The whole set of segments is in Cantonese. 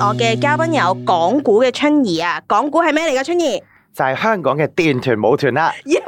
我嘅嘉賓有港股嘅春兒啊，港股係咩嚟噶？春兒就係香港嘅電臀舞團啦 yeah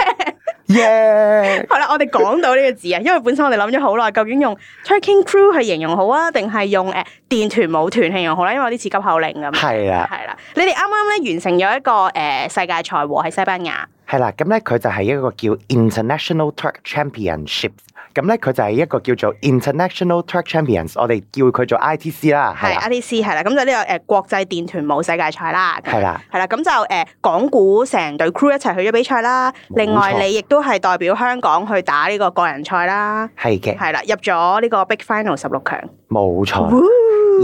yeah 好啦，我哋講到呢個字啊，因為本身我哋諗咗好耐，究竟用 twerking crew 去形容好啊，定係用誒、呃、電臀舞團形容好啦？因為有啲似急口令咁。係啊，係啦，啊啊，你哋啱啱咧完成咗一個誒、呃、世界賽喎喺西班牙。係啦，咁咧佢就係一個叫 International Twerking Championships，咁咧佢就係一個叫做 International Twerking Champions，我哋叫佢做 ITC 啦。係 ITC 係啦，咁就呢個誒國際電臀舞世界賽啦。係啦了，係啦了，咁就誒港股成隊 crew 一齊去咗比賽啦。錯另外你亦都係代表香港去打呢個個人賽啦。係嘅的，係啦，入咗呢個 Big Final 十六強。冇錯錯。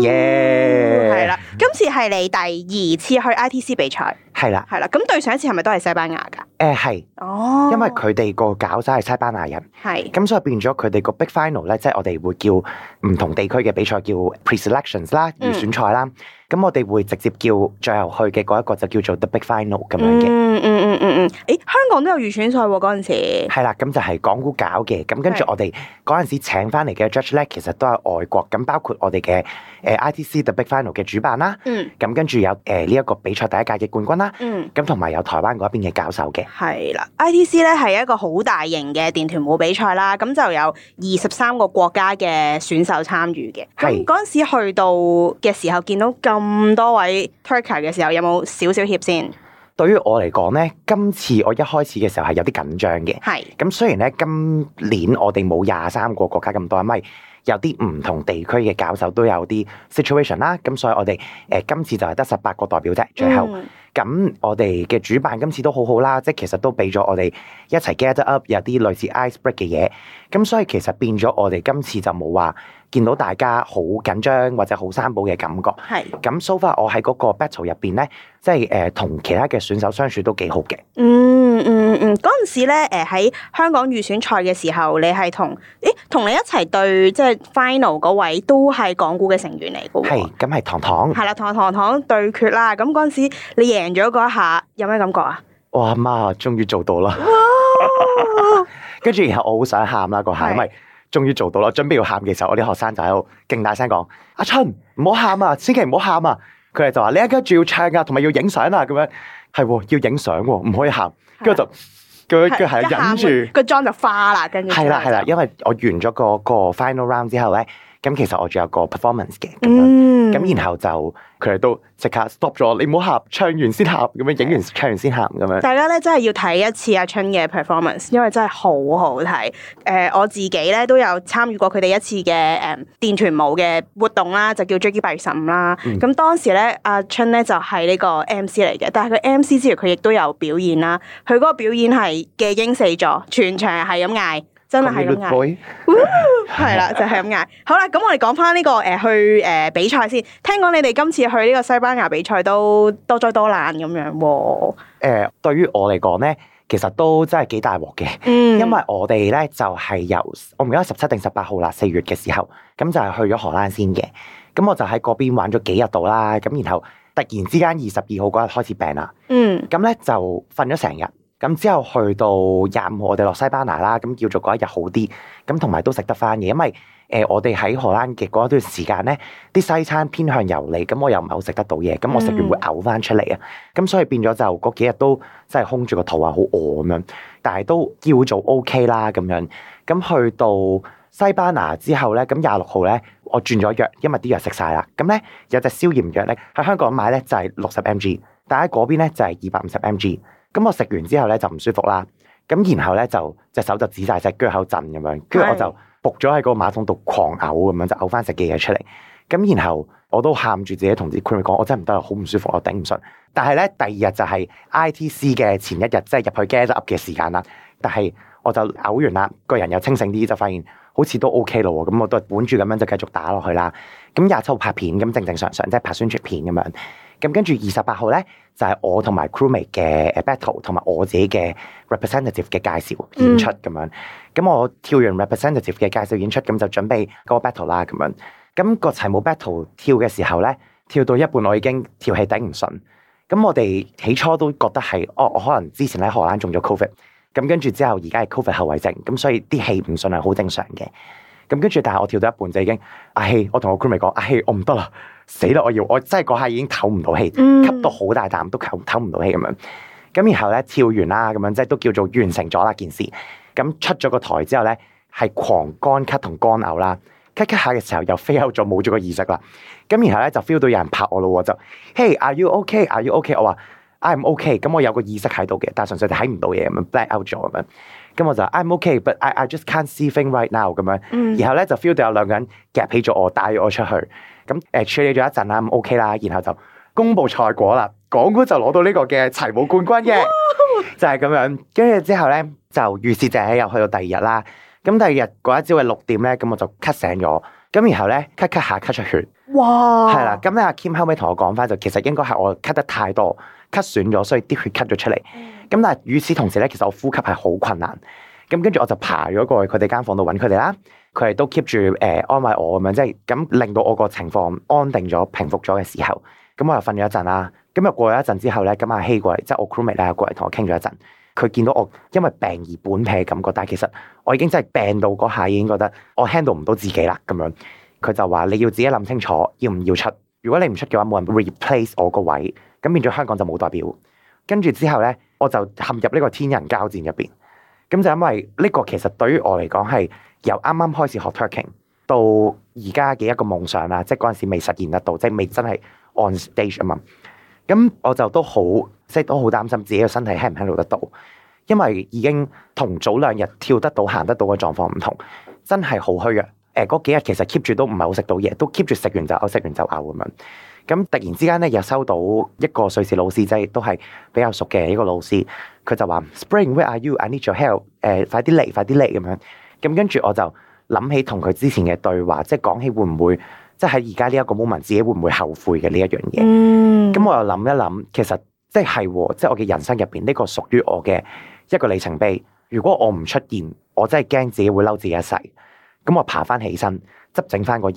耶！係啦 Yeah.、嗯，今次係你第二次去 ITC 比賽，係啦的，係啦。咁對上一次係咪都係西班牙㗎？誒係、呃，哦，因為佢哋個搞手係西班牙人，係的，咁所以變咗佢哋個 big final 咧，即、就、係、是、我哋會叫唔同地區嘅比賽叫 preselections 啦，預選賽啦。嗯咁我哋會直接叫最後去嘅嗰一個就叫做 The Big Final 咁樣嘅、嗯。嗯嗯嗯嗯嗯。誒、嗯，香港都有預選賽嗰陣時。係啦，咁就係港股搞嘅。咁跟住我哋嗰陣時請翻嚟嘅 Judge 咧，其實都係外國。咁包括我哋嘅誒 ITC The Big Final 嘅主辦啦。嗯。咁跟住有誒呢一個比賽第一屆嘅冠軍啦。嗯。咁同埋有台灣嗰一邊嘅教授嘅。係啦，ITC 咧係一個好大型嘅電臀舞比賽啦。咁就有二十三個國家嘅選手參與嘅。係是。嗰陣時去到嘅時候見到咁。咁多位 twerker 嘅時候，有冇少少怯先？對於我嚟講呢今次我一開始嘅時候係有啲緊張嘅。係是。咁雖然咧，今年我哋冇廿三個國家咁多，因為有啲唔同地區嘅教授都有啲 situation 啦。咁所以我哋誒今次就係得十八個代表啫。最後，咁、嗯、我哋嘅主辦今次都好好啦，即係其實都俾咗我哋一齊 gather up 有啲類似 ice break 嘅嘢。咁所以其實變咗我哋今次就冇話。見到大家好緊張或者好生保嘅感覺，係咁的。so far 我喺嗰個 battle 入邊咧，即係誒同其他嘅選手相處都幾好嘅、嗯。嗯嗯嗯，嗰陣時咧誒喺香港預選賽嘅時候，你係同誒同你一齊對即係 final 嗰位都係港股嘅成員嚟嘅喎。係，咁係糖糖。係啦，同阿糖糖對決啦。咁嗰陣時你贏咗嗰一下，有咩感覺啊？哇媽啊，終於做到啦！跟住、啊、 然後我好想喊啦嗰下，因為。終於做到啦！準備要喊嘅時候，我啲學生就喺度勁大聲講：阿春唔好喊啊，千祈唔好喊啊！佢哋就話：你而家仲要唱啊，同埋要影相啊！咁樣係，要影相，啊，唔可以喊，啊。跟住就，佢佢係忍住，個妝就化啦。跟住係啦係啦，因為我完咗嗰個、嗰個 final round 之後咧。咁其實我仲有個 performance 嘅，咁樣，咁、嗯、然後就佢哋都即刻 stop 咗，你唔好喊，唱完先喊，咁樣影完唱完先喊咁樣。大家咧真係要睇一次阿春嘅 performance，因為真係好好睇。誒、呃，我自己咧都有參與過佢哋一次嘅誒、嗯、電臀舞嘅活動啦，就叫追記八月十五啦。咁、啊、當時咧，阿春咧就係呢個 MC 嚟嘅，但係佢 MC 之餘，佢亦都有表演啦。佢嗰個表演係技驚四座，全場係咁嗌。真係咁嗌，係啦， 就係咁嗌。 好啦，咁我哋講翻呢個誒、呃、去誒、呃、比賽先。聽講你哋今次去呢個西班牙比賽都多災多難咁樣喎。誒、呃，對於我嚟講咧，其實都真係幾大鑊嘅。嗯，因為我哋咧就係由我唔記得十七定十八號啦，四月嘅時候，咁就係去咗荷蘭先嘅。咁我就喺嗰邊玩咗幾日度啦。咁然後突然之間二十二號嗰日開始病啦。嗯，咁咧就瞓咗成日。咁之後去到廿五號，我哋落西班牙啦，咁叫做嗰一日好啲，咁同埋都食得翻嘅，因為誒我哋喺荷蘭嘅嗰一段時間咧，啲西餐偏向油膩，咁我又唔係好食得到嘢，咁我食完會嘔翻出嚟啊，咁、嗯、所以變咗就嗰幾日都真係空住個肚啊，好餓咁樣，但係都叫做 OK 啦咁樣，咁去到西班牙之後咧，咁廿六號咧，我轉咗藥，因為啲藥食晒啦，咁咧有隻消炎藥咧喺香港買咧就係六十 mg，但喺嗰邊咧就係二百五十 mg。咁我食完之後咧就唔舒服啦，咁然後咧就隻手就指晒隻腳、口震咁樣，跟住我就仆咗喺個馬桶度狂嘔咁樣，就嘔翻食嘅嘢出嚟。咁然後我都喊住自己同啲 crew 講，我真係唔得啊，好唔舒服，我頂唔順。但係咧第二日就係 ITC 嘅前一日，即係入去 get up 嘅時間啦。但係我就嘔完啦，個人又清醒啲，就發現好似都 OK 咯喎。咁我都係本住咁樣就繼續打落去啦。咁廿七號拍片咁，正正常常，即係拍宣傳片咁樣。咁跟住二十八號咧，就係、是、我同埋 crewmate 嘅 battle，同埋我自己嘅 representative 嘅介紹演出咁、嗯、樣。咁我跳完 representative 嘅介紹演出，咁就準備個 battle 啦咁樣。咁個齊舞 battle 跳嘅時候咧，跳到一半，我已經跳氣頂唔順。咁我哋起初都覺得係，哦，我可能之前喺荷蘭中咗 COVID，咁跟住之後而家係 COVID 後遺症，咁所以啲氣唔順係好正常嘅。咁跟住，但係我跳到一半就已經，阿、哎、氣，我同我 crewmate 講，阿、哎、氣，我唔得啦。死啦！我要我真係嗰下已經唞唔到氣，嗯、吸到好大啖都唞唔到氣咁樣。咁然後咧跳完啦，咁樣即係都叫做完成咗啦件事。咁出咗個台之後咧，係狂乾咳同乾嘔啦。咳咳下嘅時候又 feel 咗冇咗個意識啦。咁然後咧就 feel 到有人拍我咯，就 Hey，Are you okay？Are you okay？我話 I'm okay。咁我有個意識喺度嘅，但係純粹就睇唔到嘢咁樣 black out 咗咁樣。咁我就 I'm okay, but I I just can't see things right now 咁樣，嗯、然後咧就 feel 到有兩個人夾起咗我帶咗我出去，咁、嗯、誒處理咗一陣啦、嗯、，OK 啦，然後就公布賽果啦，港股就攞到呢個嘅齊舞冠軍嘅，哇 就係咁樣，跟住之後咧就於是就又去到第二日啦，咁第二日嗰一朝嘅六點咧，咁我就咳醒咗，咁然後咧咳咳下咳出血，哇，係、嗯、啦，咁咧阿 Kim 後尾同我講翻就其實應該係我咳得太多。咳損咗，所以啲血咳咗出嚟。咁但係與此同時咧，其實我呼吸係好困難。咁跟住我就爬咗過去佢哋間房度揾佢哋啦。佢哋都 keep 住誒安慰我咁樣，即係咁令到我個情況安定咗、平復咗嘅時候，咁我又瞓咗一陣啦。咁又過咗一陣之後咧，咁阿希過嚟，即係我 roommate 咧過嚟同我傾咗一陣。佢見到我因為病而本撇嘅感覺，但係其實我已經真係病到嗰下已經覺得我 handle 唔到自己啦咁樣。佢就話：你要自己諗清楚，要唔要出？如果你唔出嘅話，冇人 replace 我個位。咁變咗香港就冇代表，跟住之後咧，我就陷入呢個天人交戰入邊。咁就因為呢個其實對於我嚟講係由啱啱開始學 twerking 到而家嘅一個夢想啦，即係嗰陣時未實現得到，即係未真係 on stage 啊嘛。咁我就都好即係都好擔心自己嘅身體喺唔喺度得到，因為已經同早兩日跳得到行得到嘅狀況唔同，真係好虛弱。誒、呃、嗰幾日其實 keep 住都唔係好食到嘢，都 keep 住食完就嘔，食完就嘔咁樣。咁突然之間咧，又收到一個瑞士老師，即係都係比較熟嘅一個老師，佢就話：Spring，Where are you？I need your help. Uh，誒，快啲嚟，快啲嚟咁樣。咁跟住我就諗起同佢之前嘅對話，即係講起會唔會在在，即係喺而家呢一個 moment，自己會唔會後悔嘅呢一樣嘢？咁、mm. 我又諗一諗，其實即係即係我嘅人生入邊呢個屬於我嘅一個里程碑。如果我唔出現，我真係驚自己會嬲自己一世。咁我爬翻起身，執整翻個人，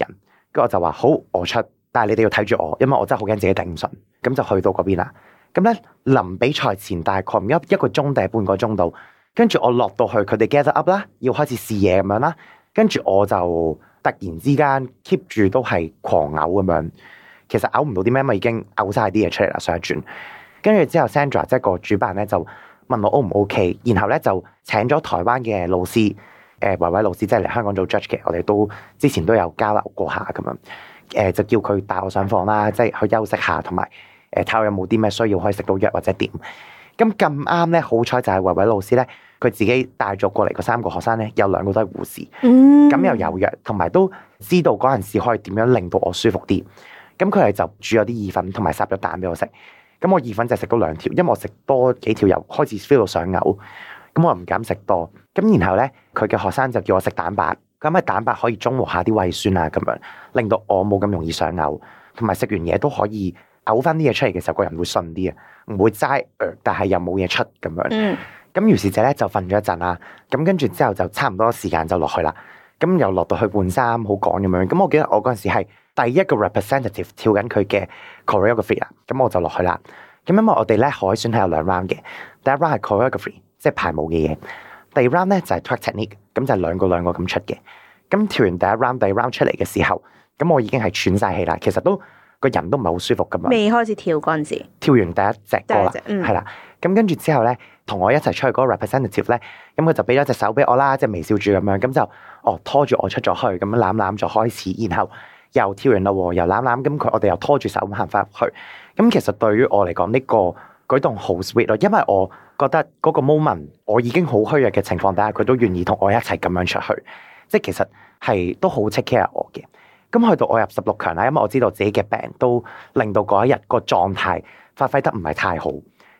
跟住我就話：好，我出。但係你哋要睇住我，因為我真係好驚自己頂唔順，咁就去到嗰邊啦。咁咧臨比賽前大概唔一一個鐘定係半個鐘度，跟住我落到去，佢哋 get up 啦，要開始試嘢咁樣啦。跟住我就突然之間 keep 住都係狂嘔咁樣，其實嘔唔到啲咩咪已經嘔晒啲嘢出嚟啦，上一轉。跟住之後 Sandra 即係個主辦咧就問我 O 唔 OK，然後咧就請咗台灣嘅老師，誒維維老師即係嚟香港做 judge 嘅，我哋都之前都有交流過下咁樣。誒、呃，就叫佢帶我上房啦，即係去休息下，同埋誒睇下有冇啲咩需要可以食到藥或者點。咁咁啱咧，好彩就係維維老師咧，佢自己帶咗過嚟個三個學生咧，有兩個都係護士，咁、嗯、又有藥，同埋都知道嗰陣時可以點樣令到我舒服啲。咁佢係就煮咗啲意粉同埋烚咗蛋俾我食。咁我意粉就食到兩條，因為我食多幾條又開始 feel 到想嘔。咁我又唔敢食多。咁然後咧，佢嘅學生就叫我食蛋白。咁咪蛋白可以中和下啲胃酸啊，咁樣令到我冇咁容易想嘔，同埋食完嘢都可以嘔翻啲嘢出嚟嘅時候，個人會順啲啊，唔會齋、呃、但係又冇嘢出咁樣。咁於、嗯、是者咧就瞓咗一陣啦，咁跟住之後就差唔多時間就落去啦。咁又落到去，去換衫，好趕咁樣。咁我記得我嗰陣時係第一個 representative 跳緊佢嘅 choreography 啊咁我就落去啦。咁因為我哋咧海選係有兩 round 嘅，第一 round 係 choreography 即係排舞嘅嘢。第二 round 咧，就係 twerk technique 呢，咁就兩個兩個咁出嘅。咁跳完第一 round，第二 round 出嚟嘅時候，咁我已經係喘晒氣啦。其實都個人都唔係好舒服咁樣。未開始跳嗰陣時，跳完第一隻歌啦，係啦。咁、嗯、跟住之後咧，同我一齊出去嗰個 representative 咧，咁佢就俾咗隻手俾我啦，即係微笑住咁樣，咁就哦拖住我出咗去，咁樣攬攬就開始，然後又跳完啦，又攬攬，咁佢我哋又拖住手咁行翻入去。咁其實對於我嚟講呢個。舉動好 sweet 咯，因為我覺得嗰個 moment，我已經好虛弱嘅情況底下，佢都願意同我一齊咁樣出去，即係其實係都好 take care 我嘅。咁去到我入十六強啦，因為我知道自己嘅病都令到嗰一日個狀態發揮得唔係太好，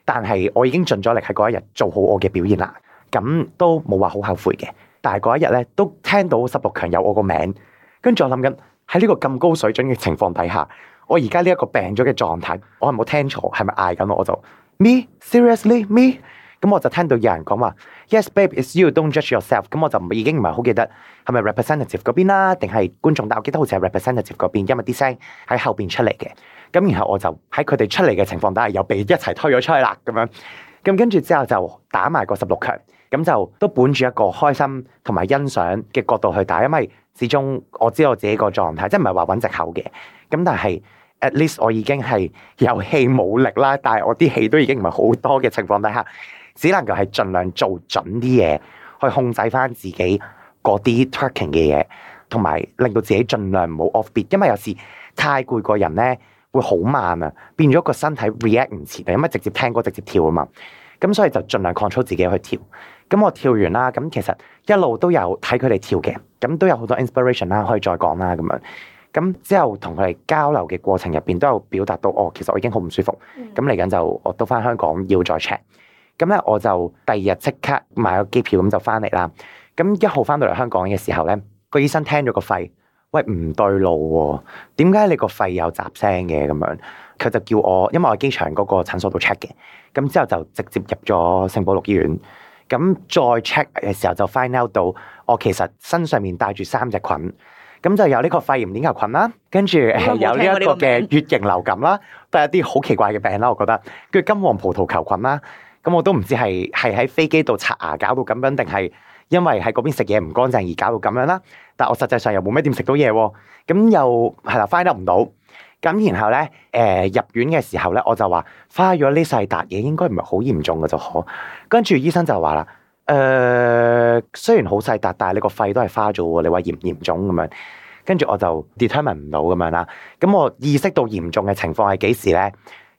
但係我已經盡咗力喺嗰一日做好我嘅表現啦，咁都冇話好後悔嘅。但係嗰一日咧都聽到十六強有我個名，跟住我諗緊喺呢個咁高水準嘅情況底下，我而家呢一個病咗嘅狀態，我係冇聽錯，係咪嗌緊我？我就 Me seriously me，咁我就聽到有人講話，Yes babe it's you，don't judge yourself。咁我就已經唔係好記得係咪 representative 嗰邊啦，定係觀眾？但我記得好似係 representative 嗰邊，因為啲聲喺後邊出嚟嘅。咁然後我就喺佢哋出嚟嘅情況底下，又被一齊推咗出去啦咁樣。咁跟住之後就打埋個十六強，咁就都本住一個開心同埋欣賞嘅角度去打，因為始終我知我自己個狀態，即係唔係話揾藉口嘅。咁但係。At least 我已經係有氣冇力啦，但係我啲氣都已經唔係好多嘅情況底下，只能夠係儘量做準啲嘢，去控制翻自己嗰啲 twerking 嘅嘢，同埋令到自己儘量唔好 offbeat，因為有時太攰個人咧會好慢啊，變咗個身體 react 唔切啊，因為直接聽歌直接跳啊嘛，咁所以就儘量 control 自己去跳。咁我跳完啦，咁其實一路都有睇佢哋跳嘅，咁都有好多 inspiration 啦，可以再講啦咁樣。咁之後同佢哋交流嘅過程入邊，都有表達到，我、哦、其實我已經好唔舒服。咁嚟緊就我都翻香港要再 check。咁咧我就第二日即刻買咗機票，咁就翻嚟啦。咁一號翻到嚟香港嘅時候咧，個醫生聽咗個肺，喂唔對路喎、啊，點解你個肺有雜聲嘅咁樣？佢就叫我，因為我喺機場嗰個診所度 check 嘅。咁之後就直接入咗聖保祿醫院。咁再 check 嘅時候就 find out 到，我其實身上面帶住三隻菌。咁就有呢個肺炎鏈球菌啦，跟住有呢一個嘅乙型流感啦，都有啲好奇怪嘅病啦，我覺得跟住金黃葡萄球菌啦，咁我都唔知係係喺飛機度刷牙搞到咁樣，定係因為喺嗰邊食嘢唔乾淨而搞到咁樣啦。但我實際上又冇咩點食到嘢，啊，咁又係啦翻，得唔到。咁然後咧，誒、呃、入院嘅時候咧，我就話花咗呢細達嘢，應該唔係好嚴重嘅就好。跟住醫生就話啦。誒，uh, 雖然好細笪，但係你個肺都係花咗。你話嚴唔嚴重咁樣，跟住我就 determine 唔到咁樣啦。咁我意識到嚴重嘅情況係幾時咧？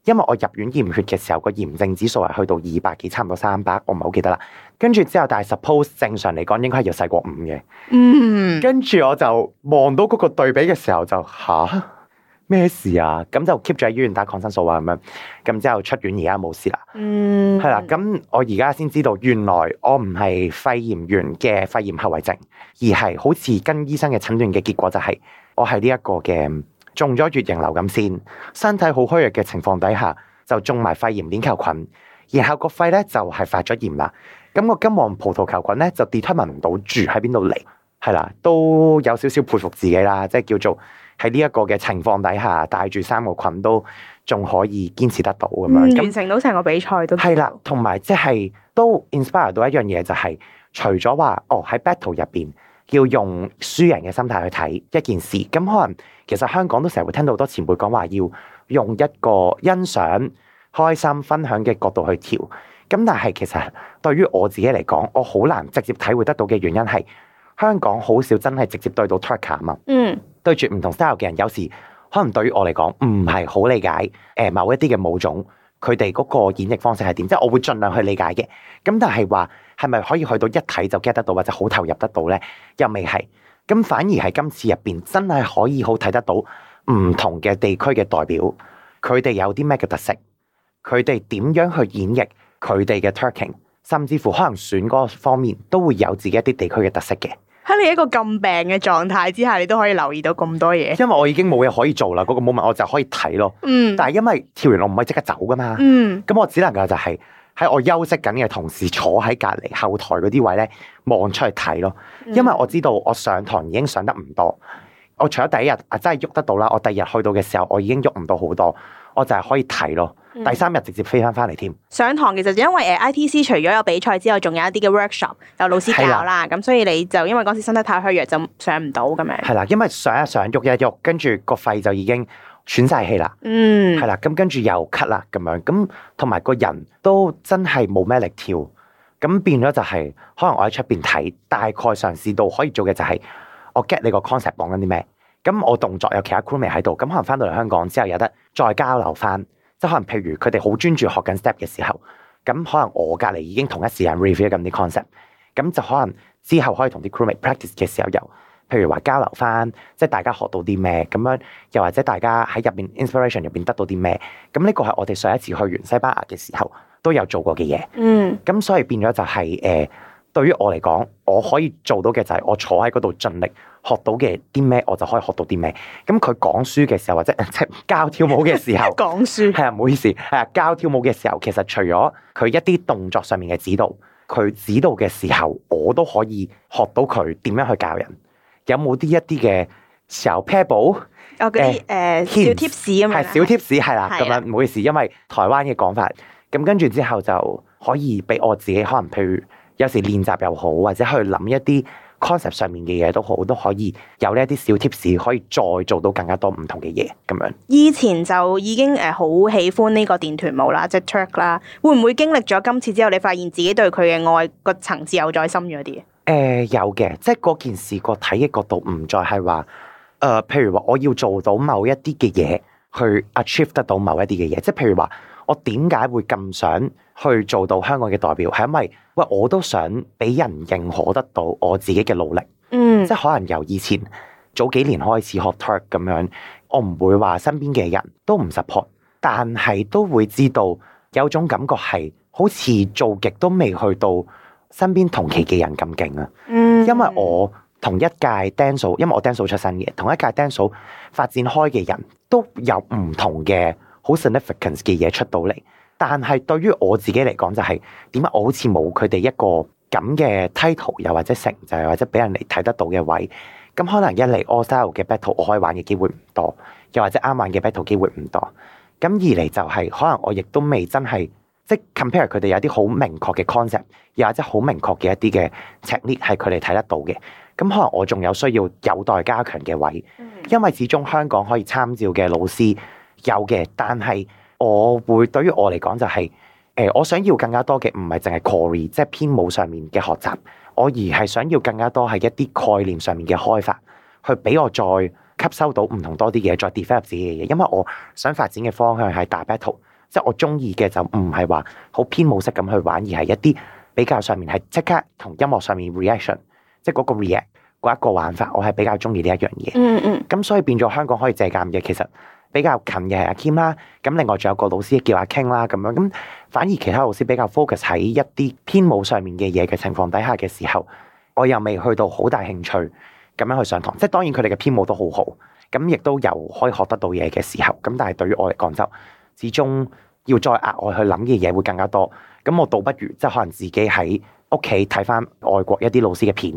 因為我入院驗血嘅時候個炎症指數係去到二百幾，差唔多三百，我唔係好記得啦。跟住之後，但係 suppose 正常嚟講應該係要細過五嘅。嗯、mm，跟、hmm. 住我就望到嗰個對比嘅時候就吓。咩事啊？咁就 keep 咗喺醫院打抗生素啊，咁樣，咁之後出院，而家冇事啦。嗯，係啦。咁我而家先知道，原來我唔係肺炎源嘅肺炎後遺症，而係好似跟醫生嘅診斷嘅結果就係、是、我係呢一個嘅中咗乙型流感先，身體好虛弱嘅情況底下就中埋肺炎鏈球菌，然後個肺咧就係發咗炎啦。咁、那個金黃葡萄球菌咧就 detect 唔到住喺邊度嚟，係啦，都有少少佩服自己啦，即係叫做。喺呢一個嘅情況底下，帶住三個羣都仲可以堅持得到咁、嗯、樣，完成到成個比賽都係啦。同埋即係都 inspire 到一樣嘢、就係，就係除咗話哦，喺 battle 入邊要用輸贏嘅心態去睇一件事。咁可能其實香港都成日會聽到好多前輩講話，要用一個欣賞、開心、分享嘅角度去調。咁但係其實對於我自己嚟講，我好難直接體會得到嘅原因係香港好少真係直接對到 trick 啊嘛。嗯。對住唔同 style 嘅人，有時可能對於我嚟講唔係好理解，誒某一啲嘅舞種，佢哋嗰個演繹方式係點？即係我會盡量去理解嘅。咁但係話係咪可以去到一睇就 get 得到，或者好投入得到呢？又未係。咁反而係今次入邊真係可以好睇得到唔同嘅地區嘅代表，佢哋有啲咩嘅特色？佢哋點樣去演繹佢哋嘅 twerking，甚至乎可能選歌方面都會有自己一啲地區嘅特色嘅。喺你一個咁病嘅狀態之下，你都可以留意到咁多嘢。因為我已經冇嘢可以做啦，嗰個 moment，我就可以睇咯。嗯。但係因為跳完我唔可以即刻走噶嘛。嗯。咁我只能夠就係喺我休息緊嘅同時，坐喺隔籬後台嗰啲位咧，望出去睇咯。因為我知道我上堂已經上得唔多，我除咗第一日啊真係喐得到啦，我第二日去到嘅時候我已經喐唔到好多。我就係可以睇咯，嗯、第三日直接飛翻翻嚟添。上堂其實因為 ITC 除咗有比賽之外，仲有一啲嘅 workshop 有老師教啦，咁所以你就因為嗰時身體太虛弱就上唔到咁樣。係啦，因為上一上喐一喐，跟住個肺就已經喘晒氣啦。嗯，係啦，咁跟住又咳啦咁樣，咁同埋個人都真係冇咩力跳，咁變咗就係可能我喺出邊睇，大概嘗試到可以做嘅就係我 get 你個 concept 講緊啲咩。咁我動作有其他 crew member 喺度，咁可能翻到嚟香港之後有得再交流翻，即係可能譬如佢哋好專注學緊 step 嘅時候，咁可能我隔離已經同一時間 review 緊啲 concept，咁就可能之後可以同啲 crew member practice 嘅時候又，譬如話交流翻，即係大家學到啲咩，咁樣又或者大家喺入面 inspiration 入邊得到啲咩，咁呢個係我哋上一次去完西班牙嘅時候都有做過嘅嘢，嗯，咁所以變咗就係、是、誒。呃對於我嚟講，我可以做到嘅就係我坐喺嗰度，盡力學到嘅啲咩，我就可以學到啲咩。咁佢講書嘅時候，或者即教 跳舞嘅時候，講 書係啊，唔好意思，係啊，教跳舞嘅時候，其實除咗佢一啲動作上面嘅指導，佢指導嘅時候，我都可以學到佢點樣去教人。有冇啲一啲嘅時候，pair 補？哦，嗰啲誒、呃、Hints? 小貼士咁樣。係小貼士係啦，咁樣唔好意思，因為台灣嘅講法。咁跟住之後就可以俾我自己，可能譬如。有時練習又好，或者去諗一啲 concept 上面嘅嘢都好，都可以有呢一啲小 tips，可以再做到更加多唔同嘅嘢咁樣。以前就已經誒好喜歡呢個電臀舞啦，即係 twerk 啦。會唔會經歷咗今次之後，你發現自己對佢嘅愛個層次有再深咗啲？誒、呃，有嘅，即係嗰件事個睇嘅角度唔再係話誒，譬如話我要做到某一啲嘅嘢去 achieve 得到某一啲嘅嘢，即係譬如話我點解會咁想？去做到香港嘅代表，係因為喂我都想俾人認可得到我自己嘅努力，嗯，即係可能由以前早幾年開始學 twerk 咁樣，我唔會話身邊嘅人都唔 support，但係都會知道有種感覺係好似做極都未去到身邊同期嘅人咁勁啊，嗯，因為我同一屆 dancer，因為我 dancer 出身嘅，同一屆 dancer 發展開嘅人都有唔同嘅好 significance 嘅嘢出到嚟。但係對於我自己嚟講就係點解我好似冇佢哋一個咁嘅 title，又或者成就，或者俾人哋睇得到嘅位。咁可能一嚟 all style 嘅 battle，我可以玩嘅機會唔多；又或者啱玩嘅 battle 機會唔多。咁二嚟就係、是、可能我亦都未真係即、就是、compare 佢哋有啲好明確嘅 concept，又或者好明確嘅一啲嘅 technique 係佢哋睇得到嘅。咁可能我仲有需要有待加強嘅位，因為始終香港可以參照嘅老師有嘅，但係。我會對於我嚟講就係、是，誒、呃，我想要更加多嘅唔係淨係 corey，即係編舞上面嘅學習，我而係想要更加多係一啲概念上面嘅開發，去俾我再吸收到唔同多啲嘢，再 develop 自己嘅嘢，因為我想發展嘅方向係打 battle，即係我中意嘅就唔係話好編舞式咁去玩，而係一啲比較上面係即刻同音樂上面 reaction，即係嗰個 react 嗰一個玩法，我係比較中意呢一樣嘢。嗯嗯。咁所以變咗香港可以借鑑嘅其實，比較近嘅係阿 kim 啦，咁另外仲有個老師叫阿 king 啦，咁樣咁反而其他老師比較 focus 喺一啲編舞上面嘅嘢嘅情況底下嘅時候，我又未去到好大興趣咁樣去上堂，即係當然佢哋嘅編舞都好好，咁亦都有可以學得到嘢嘅時候，咁但係對於我嚟講就，始終要再額外去諗嘅嘢會更加多，咁我倒不如即係可能自己喺屋企睇翻外國一啲老師嘅片，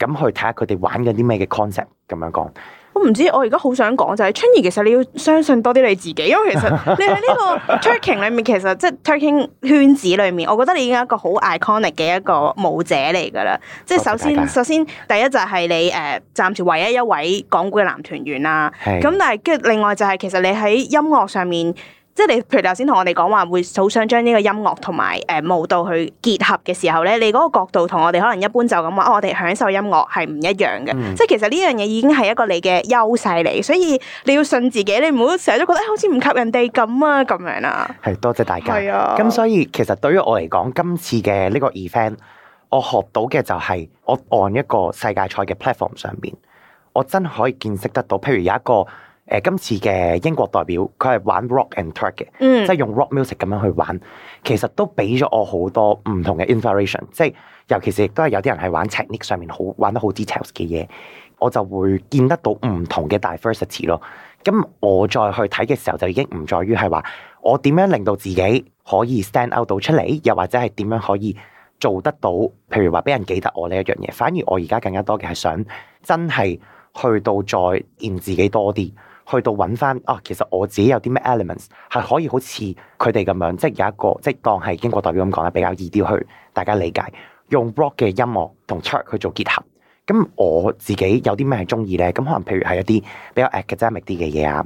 咁去睇下佢哋玩緊啲咩嘅 concept 咁樣講。我唔知，我而家好想講就係、是、春兒，其實你要相信多啲你自己，因為其實你喺呢個 twerking 裏面， 其實即係、就是、twerking 圈子裏面，我覺得你已經係一個好 iconic 嘅一個舞者嚟噶啦。即係首先，首先第一就係你誒，暫時唯一一位港股嘅男團員啦。咁的但係跟住另外就係、是，其實你喺音樂上面。即係你，譬如頭先同我哋講話，會好想將呢個音樂同埋誒舞蹈去結合嘅時候咧，你嗰個角度同我哋可能一般就咁話，我哋享受音樂係唔一樣嘅。嗯、即係其實呢樣嘢已經係一個你嘅優勢嚟，所以你要信自己，你唔好成日都覺得好似唔及人哋咁啊咁樣啊。係、啊、多謝大家。係啊。咁所以其實對於我嚟講，今次嘅呢個 event，我學到嘅就係我按一個世界賽嘅 platform 上面，我真係可以見識得到，譬如有一個。誒今次嘅英國代表，佢係玩 rock and twerk 嘅，嗯、即係用 rock music 咁樣去玩，其實都俾咗我好多唔同嘅 inspiration 即係尤其是都係有啲人係玩 technique 上面好玩得好 details 嘅嘢，我就會見得到唔同嘅 diversity 咯。咁我再去睇嘅時候，就已經唔在於係話我點樣令到自己可以 stand out 到出嚟，又或者係點樣可以做得到，譬如話俾人記得我呢一樣嘢。反而我而家更加多嘅係想真係去到再練自己多啲，去到揾翻啊，其實我自己有啲咩 elements 係可以好似佢哋咁樣，即係有一個即係當係英國代表咁講咧，比較易啲去大家理解。用 rock 嘅音樂同 chord 去做結合。咁我自己有啲咩係中意咧？咁可能譬如係一啲比較 academic 啲嘅嘢啊，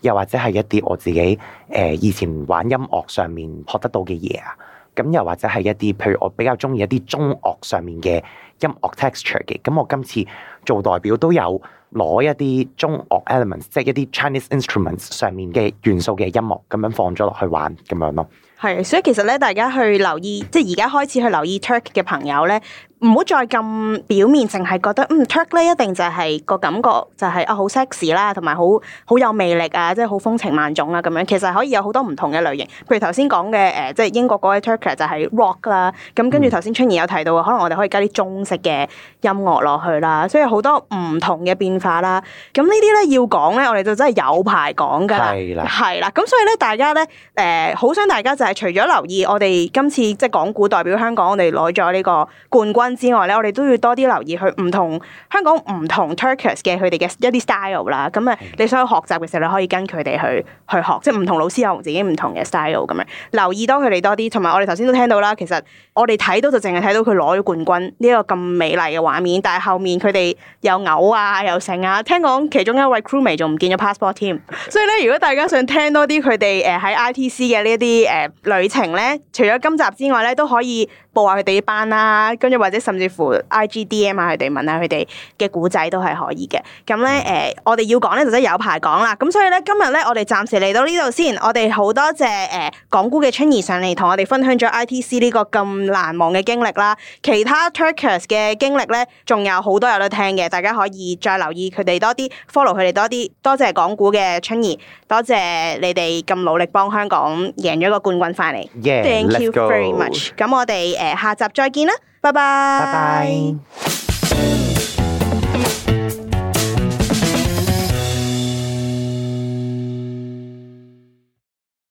又或者係一啲我自己誒、呃、以前玩音樂上面學得到嘅嘢啊。咁又或者係一啲譬如我比較中意一啲中樂上面嘅音樂 texture 嘅。咁我今次做代表都有。攞一啲中樂 elements，即係一啲 Chinese instruments 上面嘅元素嘅音樂，咁樣放咗落去玩咁樣咯。係，所以其實咧，大家去留意，即係而家開始去留意 Twerk 嘅朋友咧。唔好再咁表面，淨係覺得嗯 twerk 咧一定就係個感覺就係、是、啊好 sexy 啦，同埋好好有魅力啊，即係好風情萬種啊咁樣，其實可以有好多唔同嘅類型，譬如頭先講嘅誒即係英國嗰位 twerker 就係 rock 啦、啊。咁跟住頭先春兒有提到，可能我哋可以加啲中式嘅音樂落去啦、啊，所以好多唔同嘅變化啦。咁、啊、呢啲咧要講咧，我哋就真係有排講㗎啦，係啦是的。咁所以咧，大家咧誒好想大家就係除咗留意我哋今次即係港股代表香港，我哋攞咗呢個冠軍。之外咧，我哋都要多啲留意佢唔同香港唔同 Turkish 嘅佢哋嘅一啲 style 啦。咁、嗯、啊，你、嗯、想去學習嘅時候，你可以跟佢哋去去學，即係唔同老師有自己唔同嘅 style 咁樣。留意多佢哋多啲。同埋我哋頭先都聽到啦，其實我哋睇到就淨係睇到佢攞咗冠軍呢一個咁美麗嘅畫面，但係後面佢哋又嘔啊，又剩啊。聽講其中一位 crewmate 仲唔見咗 passport 添。Okay. 所以咧，如果大家想聽多啲佢哋誒喺 ITC 嘅呢一啲誒旅程咧，除咗今集之外咧，都可以。報下佢哋班啦、啊，跟住或者甚至乎 IGDM 啊，佢哋問下佢哋嘅古仔都係可以嘅。咁咧誒，我哋要講咧就真、是、係有排講啦。咁所以咧今日咧，我哋暫時嚟到呢度先。我哋好多謝誒、呃、港股嘅春兒上嚟同我哋分享咗 ITC 呢個咁難忘嘅經歷啦。其他 twerkers 嘅經歷咧，仲有好多有得聽嘅，大家可以再留意佢哋多啲，follow 佢哋多啲。多謝港股嘅春兒，多謝你哋咁努力幫香港贏咗個冠軍翻嚟。Yeah, Thank you very much。咁我哋。下集再見啦，拜拜。拜拜。